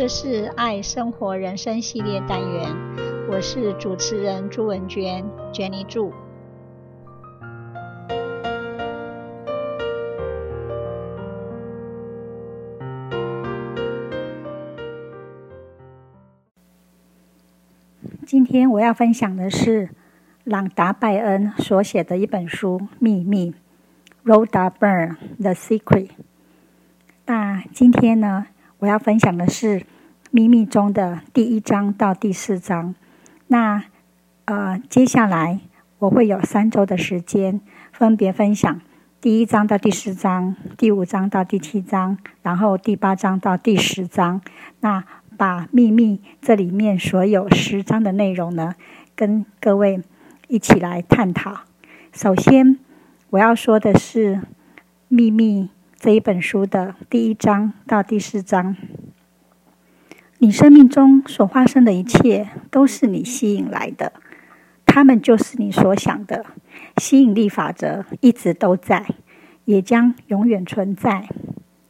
這是愛生活人生系列單元，我是主持人朱文娟。Jenny Chu。今天我要分享的是朗達拜恩所寫的一本書《秘密》（Rhonda Byrne, The Secret）。那今天呢，我要分享的是《秘密》中的第一章到第四章。那呃，接下來我會有三周的時間，分別分享第一章到第四章、第五章到第七章，然後第八章到第十章。那把《秘密》這裡面所有十章的內容呢，跟各位一起來探討。首先，我要說的是《秘密》。這一本書的第一章到第四章，你生命中所發生的一切，都是你吸引來的，它們就是你所想的。吸引力法則一直都在，也將永遠存在。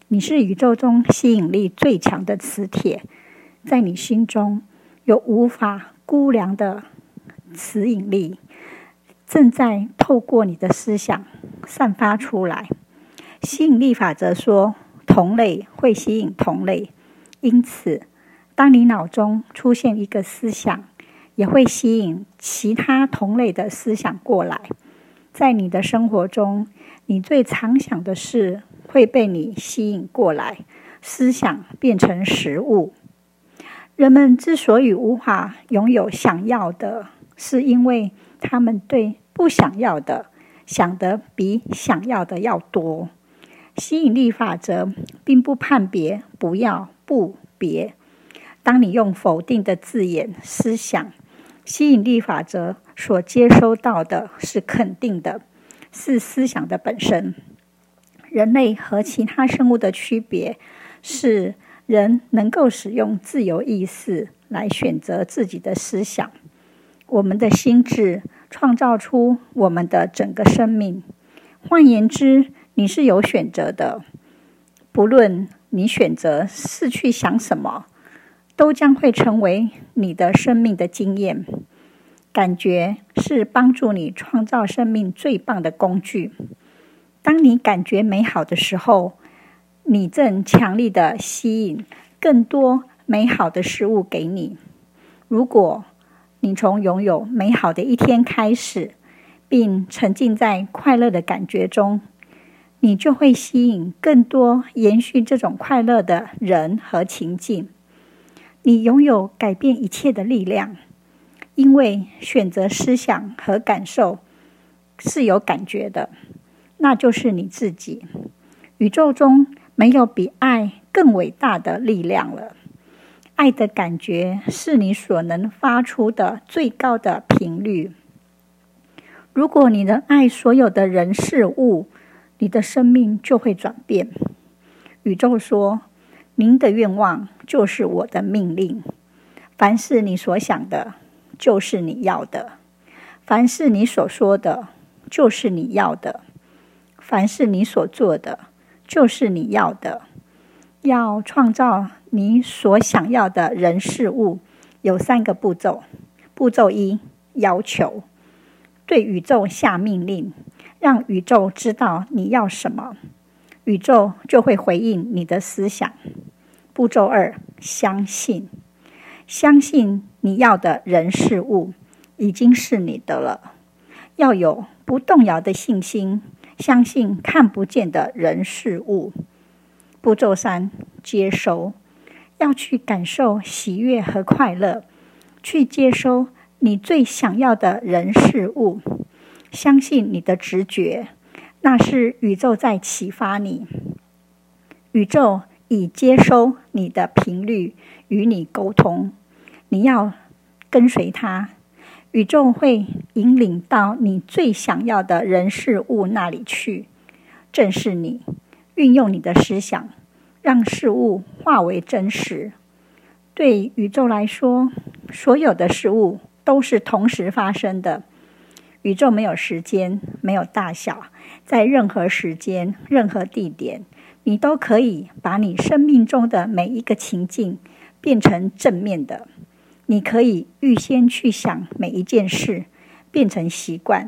你是宇宙中吸引力最強的磁鐵，在你心中有無法估量的磁引力，正在透過你的思想散發出來。吸引力法則說，同類會吸引同類，因此，當你腦中出現一個思想，也會吸引其他同類的思想過來。在你的生活中，你最常想的事會被你吸引過來，思想變成實物。人們之所以無法擁有想要的，是因為他們對不想要的想得比想要的要多。吸引力法則並不判別，不要不別。當你用否定的字眼思想，吸引力法則所接收到的是肯定的，是思想的本身。人類和其他生物的區別是，人能夠使用自由意識來選擇自己的思想。我們的心智創造出我們的整個生命。換言之，你是有選擇的，不論你選擇是去想什麼，都將會成為你的生命的經驗。感覺是幫助你創造生命最棒的工具。當你感覺美好的時候，你正強力地吸引更多美好的事物給你。如果你從擁有美好的一天開始，並沉浸在快樂的感覺中。你就會吸引更多延續這種快樂的人和情境。你擁有改變一切的力量，因為選擇思想和感受是有感覺的，那就是你自己。宇宙中沒有比愛更偉大的力量了。愛的感覺是你所能發出的最高的頻率。如果你能愛所有的人事物。你的生命就會轉變。宇宙說：“您的願望就是我的命令。凡是你所想的，就是你要的；凡是你所說的，就是你要的；凡是你所做的，就是你要的。”要創造你所想要的人事物，有三個步驟：步驟一，要求。對宇宙下命令，讓宇宙知道你要什麼，宇宙就會回應你的思想。步驟二：相信，相信你要的人事物已經是你的了，要有不動搖的信心，相信看不見的人事物。步驟三：接收，要去感受喜悅和快樂，去接收。你最想要的人事物，相信你的直覺，那是宇宙在啟發你。宇宙以接收你的頻率，與你溝通，你要跟隨它。宇宙會引領到你最想要的人事物那裡去。正是你，運用你的思想，讓事物化為真實。對宇宙來說，所有的事物。都是同時發生的。宇宙沒有時間，沒有大小，在任何時間、任何地點，你都可以把你生命中的每一個情境變成正面的。你可以預先去想每一件事，變成習慣，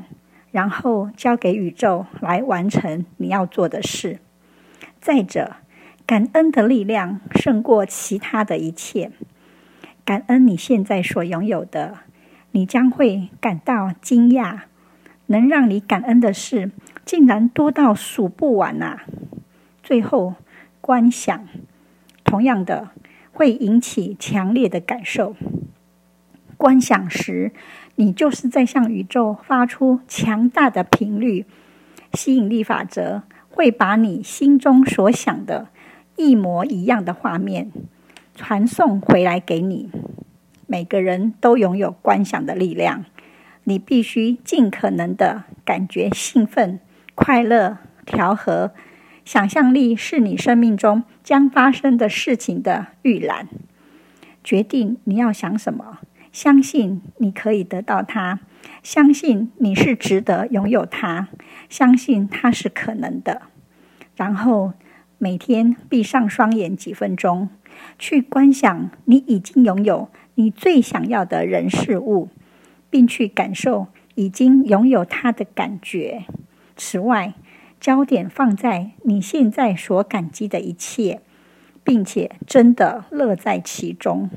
然後交給宇宙來完成你要做的事。再者，感恩的力量勝過其他的一切。感恩你現在所擁有的。你將會感到驚訝，能讓你感恩的事竟然多到數不完啊！最後，觀想，同樣的會引起強烈的感受。觀想時，你就是在向宇宙發出強大的頻率。吸引力法則會把你心中所想的一模一樣的畫面傳送回來給你。每個人都擁有觀想的力量。你必須盡可能的感覺興奮、快樂、調和。想象力是你生命中將發生的事情的預覽。決定你要想什麼，相信你可以得到它，相信你是值得擁有它，相信它是可能的。然後每天閉上雙眼幾分鐘，去觀想你已經擁有。你最想要的人事物，並去感受已經擁有它的感覺。此外，焦點放在你現在所感激的一切，並且真的樂在其中。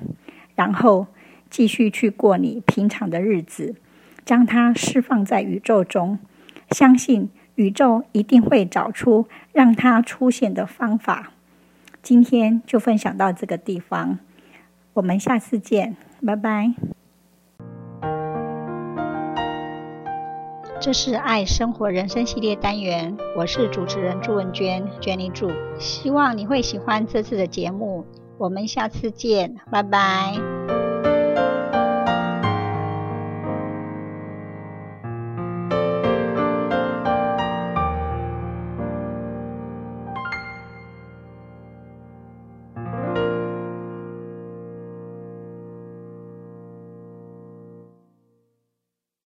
然後繼續去過你平常的日子，將它釋放在宇宙中，相信宇宙一定會找出讓它出現的方法。今天就分享到這個地方。我們下次見，拜拜。這是《愛生活人生》系列單元，我是主持人朱文娟，Jenny 朱。希望你會喜歡這次的節目，我們下次見，拜拜。